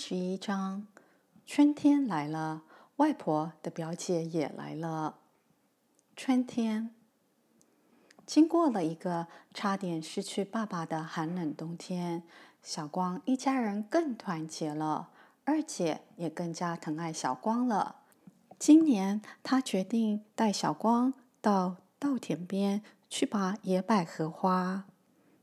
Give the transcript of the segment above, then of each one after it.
十一章，春天來了，外婆的表姐也來了。春天，經過了一個差點失去爸爸的寒冷冬天，小光一家人更團結了。二姐也更加疼愛小光了。今年，她決定帶小光到稻田邊去拔野百合花。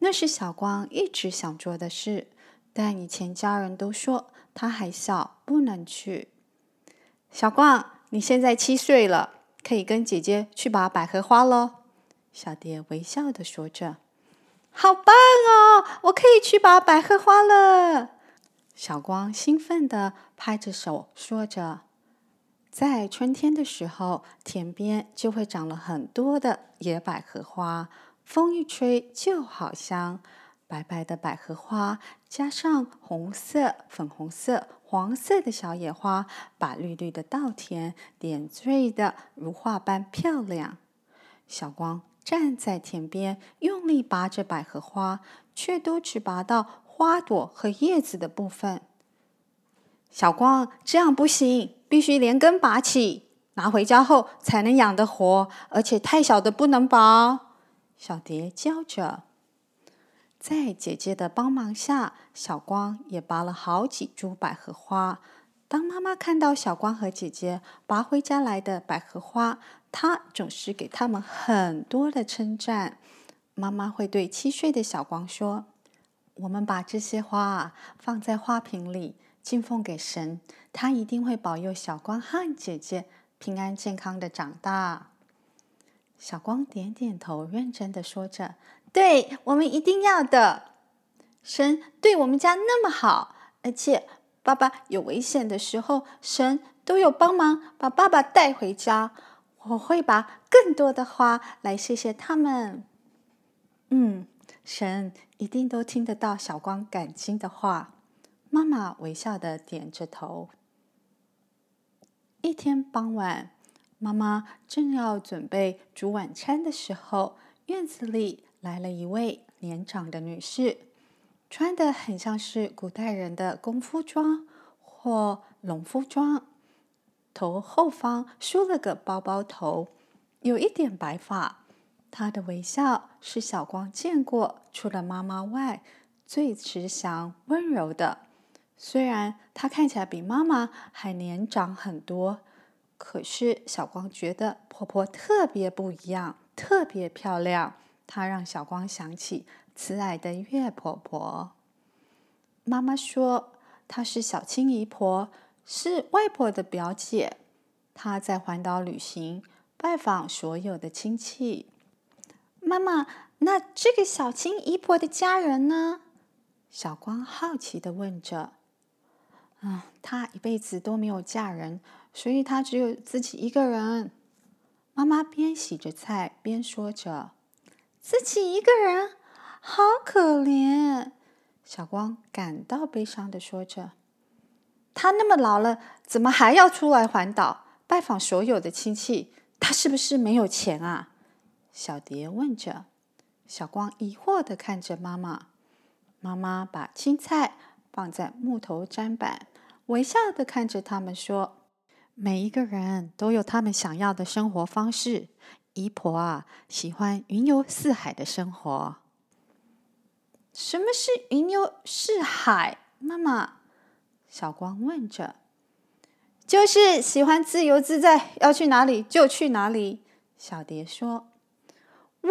那是小光一直想做的事，但以前家人都說。他還小，不能去。小光，你現在七歲了，可以跟姐姐去拔百合花囉。小蝶微笑的說着：“好棒哦，我可以去拔百合花了。”小光興奮的拍着手，說着：“在春天的時候，田邊就會長了很多的野百合花，風一吹，就好香，白白的百合花。”加上紅色、粉紅色、黃色的小野花，把綠綠的稻田點綴得如畫般漂亮。小光站在田邊，用力拔着百合花，卻都只拔到花朵和葉子的部分。小光，這樣不行，必須連根拔起，拿回家後才能養得活，而且太小的不能拔。小蝶叫着。在姐姐的幫忙下，小光也拔了好幾株百合花。當媽媽看到小光和姐姐拔回家來的百合花，她總是給他們很多的稱讚。媽媽會對七歲的小光說：“我們把這些花放在花瓶裡敬奉給神，它一定會保佑小光和姐姐平安健康的長大。”小光點點頭，認真的說着。對，我們一定要的，神對我們家那麼好，而且爸爸有危險的時候，神都有幫忙把爸爸帶回家。我會把更多的花來謝謝他們。「嗯，神一定都聽得到小光感激的話。媽媽微笑的點着頭。一天傍晚，媽媽正要準備煮晚餐的時候，院子裡。來了一位年長的女士，穿得很像是古代人的功夫裝或農夫裝，頭後方梳了個包包頭，有一點白髮。她的微笑是小光見過除了媽媽外最慈祥溫柔的。雖然她看起來比媽媽還年長很多，可是小光覺得婆婆特別不一樣，特別漂亮。她讓小光想起慈愛的月婆婆。媽媽說：“她是小青姨婆，是外婆的表姐。她在環島旅行，拜訪所有的親戚。”媽媽，那這個小青姨婆的家人呢？小光好奇的問着。嗯，“啊，她一輩子都沒有嫁人，所以她只有自己一個人。”媽媽邊洗着菜邊說着。自己一個人，好可憐。小光感到悲傷的說着：“他那麼老了，怎麼還要出來環島拜訪所有的親戚？他是不是沒有錢啊？”小蝶問着。小光疑惑的看着媽媽。媽媽把青菜放在木頭砧板，微笑的看着他們說：“每一個人都有他們想要的生活方式。”姨婆啊，喜歡雲遊四海的生活。什麼是雲遊四海？媽媽，小光問着就是喜歡自由自在，要去哪裡就去哪裡。小蝶說：“哇，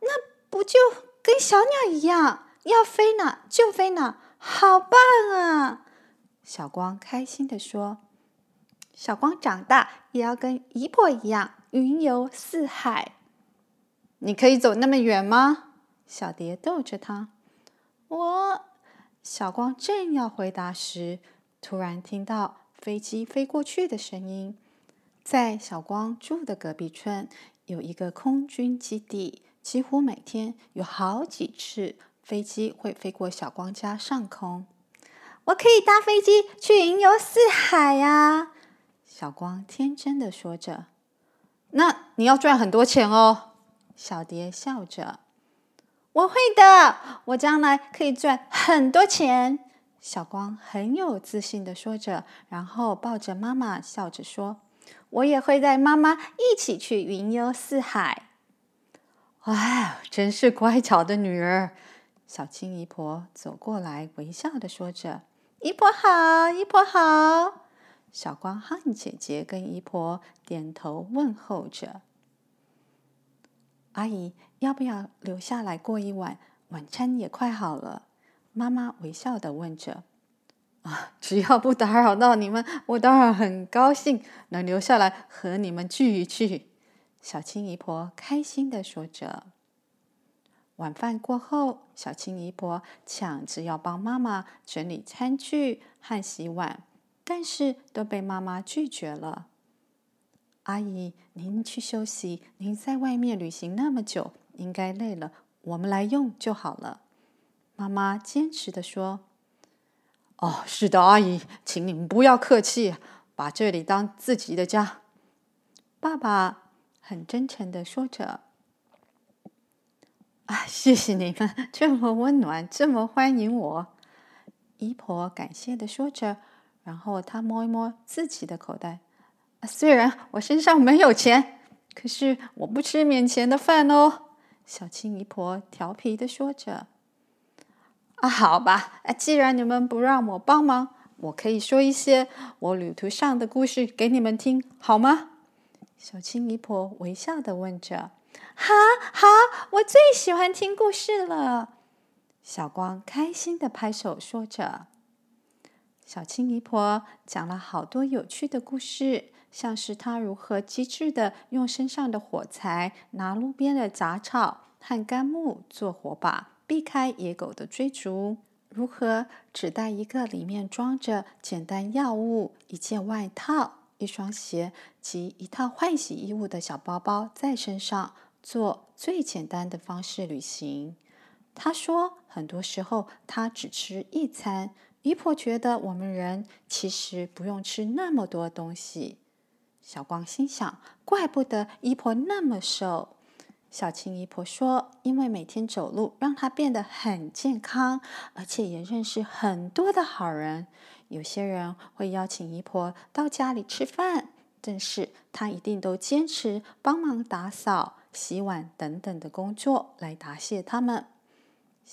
那不就跟小鳥一樣，要飛哪就飛哪，好棒啊！”小光開心地說：“小光長大也要跟姨婆一樣。”雲遊四海，你可以走那麼遠嗎？小蝶逗着他。我，小光正要回答時，突然聽到飛機飛過去的聲音。在小光住的隔壁村，有一個空軍基地，幾乎每天有好幾次飛機會飛過小光家上空。我可以搭飛機去雲遊四海呀、啊！小光天真的說着。那你要賺很多錢哦，小蝶笑着。我會的，我將來可以賺很多錢。小光很有自信的說着，然後抱着媽媽笑着說：“我也會帶媽媽一起去雲遊四海。”哎，真是乖巧的女兒。小青姨婆走過來微笑的說着：“姨婆好，姨婆好。”小光和姐姐跟姨婆點頭問候着。阿姨，要不要留下來過一晚？晚餐也快好了。媽媽微笑的問着。啊，只要不打擾到你們，我當然很高興能留下來和你們聚一聚。小青姨婆開心的說着。晚飯過後，小青姨婆搶着要幫媽媽整理餐具和洗碗。但是都被媽媽拒絕了。阿姨，您，去休息，您在外面旅行那麼久，應該累了。我們來用就好了。媽媽堅持的說：“哦，是的，阿姨，請你們不要客氣，把這裡當自己的家。”爸爸很真誠的說着：“啊，謝謝你們這麼溫暖，這麼歡迎我。”姨婆感謝的說着。然後他摸一摸自己的口袋，啊，雖然我身上沒有錢，可是我不吃免錢的飯哦。小青姨婆調皮地說着。啊，好吧，啊，既然你們不讓我幫忙，我可以說一些我旅途上的故事給你們聽，好嗎？小青姨婆微笑地問着。好好，我最喜歡聽故事了。小光開心地拍手說着。小青姨婆講了好多有趣的故事，像是她如何機智地用身上的火柴、拿路邊的雜草和乾木做火把，避開野狗的追逐；如何只帶一個裡面裝着簡單藥物、一件外套、一雙鞋及一套換洗衣物的小包包在身上，做最簡單的方式旅行。她說，很多時候她只吃一餐。姨婆覺得我們人其實不用吃那麼多東西。小光心想，怪不得姨婆那麼瘦。小青姨婆說，因為每天走路讓她變得很健康，而且也認識很多的好人。有些人會邀請姨婆到家裡吃飯，但是她一定都堅持幫忙打掃、洗碗等等的工作來答謝他們。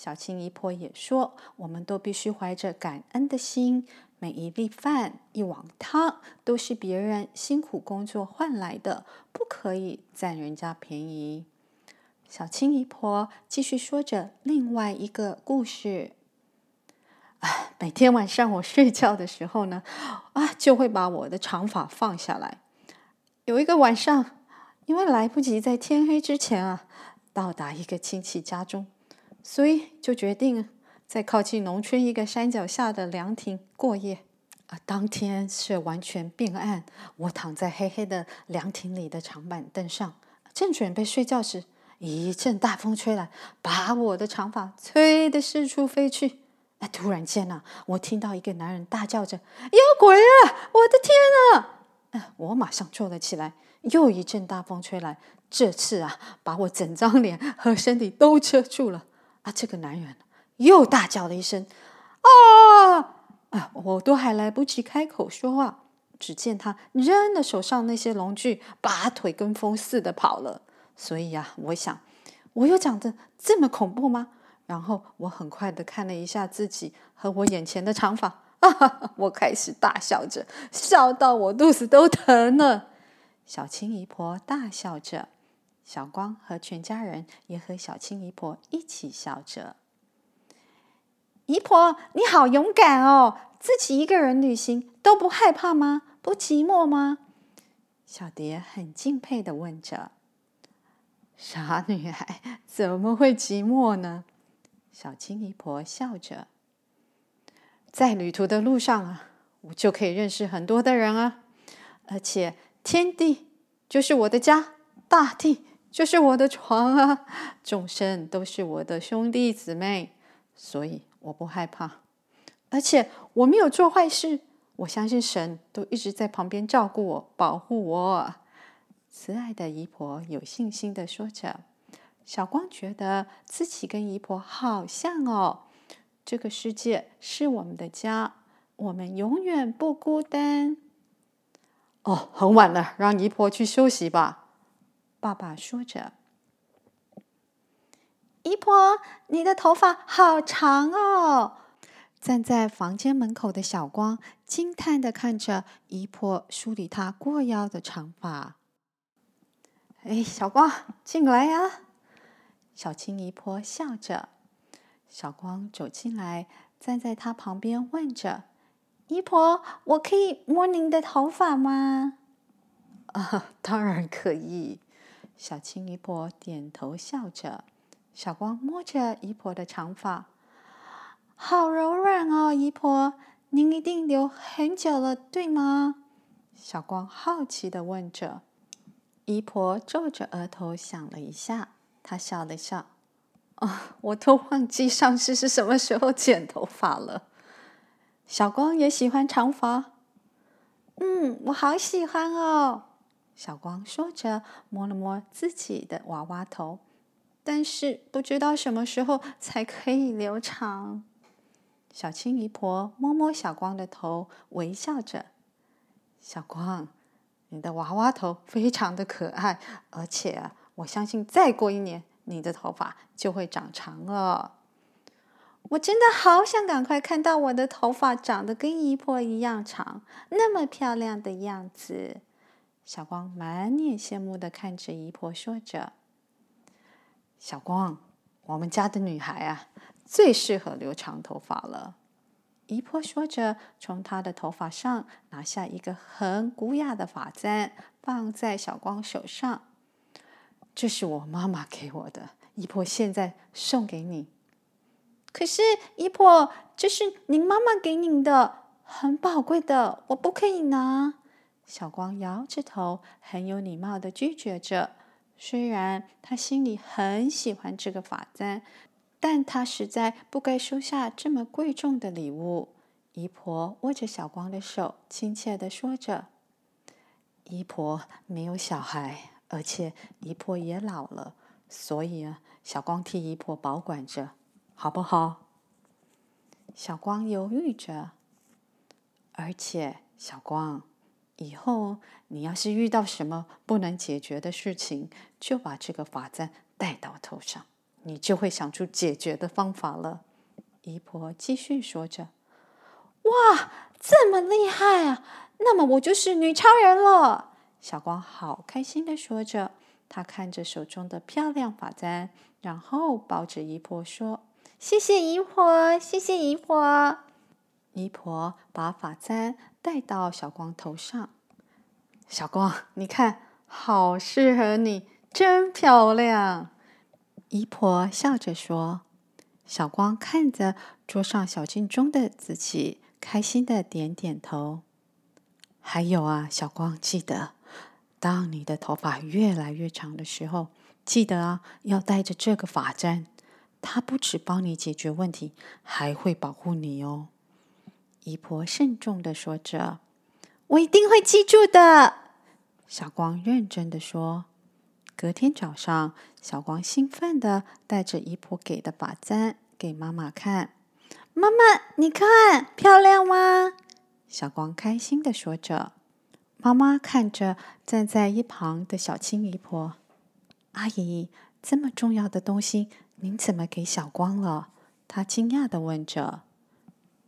小青姨婆也說，我們都必須懷着感恩的心，每一粒飯、一碗湯都是別人辛苦工作換來的，不可以佔人家便宜。小青姨婆繼續說着另外一個故事。啊，每天晚上我睡覺的時候呢，啊，就會把我的長髮放下來。有一個晚上，因為來不及在天黑之前啊，到達一個親戚家中，所以就決定在靠近農村一個山腳下的涼亭過夜。啊，當天是完全變暗。我躺在黑黑的涼亭裡的長板凳上，正準備睡覺時，一陣大風吹來，把我的長髮吹得四處飛去。那、啊、突然間啊，我聽到一個男人大叫着：“有鬼啊！我的天啊！”啊，我馬上坐了起來。又一陣大風吹來，這次啊，把我整張臉和身體都遮住了。啊！這個男人又大叫了一聲，“啊！”啊！我都還來不及開口說話，只見他扔了手上那些農具，拔腿跟風似的跑了。所以啊，我想，我有長得這麼恐怖嗎？然後我很快的看了一下自己和我眼前的長髮，啊！我開始大笑着，笑到我肚子都疼了。小青姨婆大笑着。小光和全家人也和小青姨婆一起笑着。姨婆，你好勇敢哦！自己一個人旅行都不害怕嗎？不寂寞嗎？小蝶很敬佩地問着。傻女孩，怎麼會寂寞呢？小青姨婆笑着。在旅途的路上啊，我就可以認識很多的人啊，而且天地就是我的家，大地。這是我的床啊，眾生都是我的兄弟姊妹，所以我不害怕，而且我沒有做壞事，我相信神都一直在旁邊照顧我、保護我。慈愛的姨婆有信心的說着，小光覺得自己跟姨婆好像哦。這個世界是我們的家，我們永遠不孤單。哦，很晚了，讓姨婆去休息吧。爸爸說着：“姨婆，你的頭髮好長哦！”站在房間門口的小光驚嘆地看着姨婆梳理她過腰的長髮。“哎，小光，進來呀！”小青姨婆笑着。小光走進來，站在她旁邊問着：“姨婆，我可以摸您的頭髮嗎？”“啊，當然可以。”小青姨婆點頭笑着，小光摸着姨婆的長髮，好柔軟哦，姨婆，您一定留很久了，對嗎？小光好奇地問着。姨婆皺着額頭想了一下，她笑了笑：“哦，我都忘記上次是什麼時候剪頭髮了。”小光也喜歡長髮，嗯，我好喜歡哦。小光說着，摸了摸自己的娃娃頭，但是不知道什麼時候才可以留長。小青姨婆摸摸小光的頭，微笑着：“小光，你的娃娃頭非常的可愛，而且我相信再過一年，你的頭髮就會長長了。我真的好想趕快看到我的頭髮長得跟姨婆一樣長，那麼漂亮的樣子。”小光滿臉羨慕的看着姨婆，說着：“小光，我們家的女孩啊，最適合留長頭髮了。”姨婆說着，從她的頭髮上拿下一個很古雅的髮簪，放在小光手上：“這是我媽媽給我的，姨婆現在送給你。可是，姨婆，這是您媽媽給您的，很寶貴的，我不可以拿。”小光搖着頭，很有禮貌的拒絕着。雖然他心裡很喜歡這個髮簪，但他實在不該收下這麼貴重的禮物。姨婆握着小光的手，親切的說着：“姨婆沒有小孩，而且姨婆也老了，所以啊，小光替姨婆保管着，好不好？”小光猶豫着。而且，小光。以後你要是遇到什麼不能解決的事情，就把這個髮簪戴到頭上，你就會想出解決的方法了。姨婆繼續說着：“哇，這麼厲害啊！那麼我就是女超人了。”小光好開心地說着，他看着手中的漂亮髮簪，然後抱着姨婆說：“謝謝姨婆，謝謝姨婆。”姨婆把髮簪戴到小光頭上，小光，你看，好適合你，真漂亮。姨婆笑着說。小光看着桌上小鏡中的自己，開心的點點頭。還有啊，小光，記得，當你的頭髮越來越長的時候，記得啊，要帶着這個髮簪。它不只幫你解決問題，還會保護你哦。姨婆慎重的說着：“我一定會記住的。”小光認真的說。隔天早上，小光興奮的帶着姨婆給的髮簪給媽媽看：“媽媽，你看，漂亮嗎？”小光開心的說着。媽媽看着站在一旁的小青姨婆：“阿姨，這麼重要的東西，您怎麼給小光了？”她驚訝的問着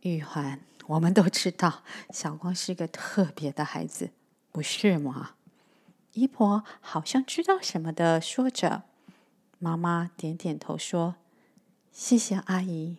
玉環。我們都知道，小光是一個特別的孩子，不是嗎？姨婆好像知道什麼的，說着，媽媽點點頭說：“謝謝阿姨。”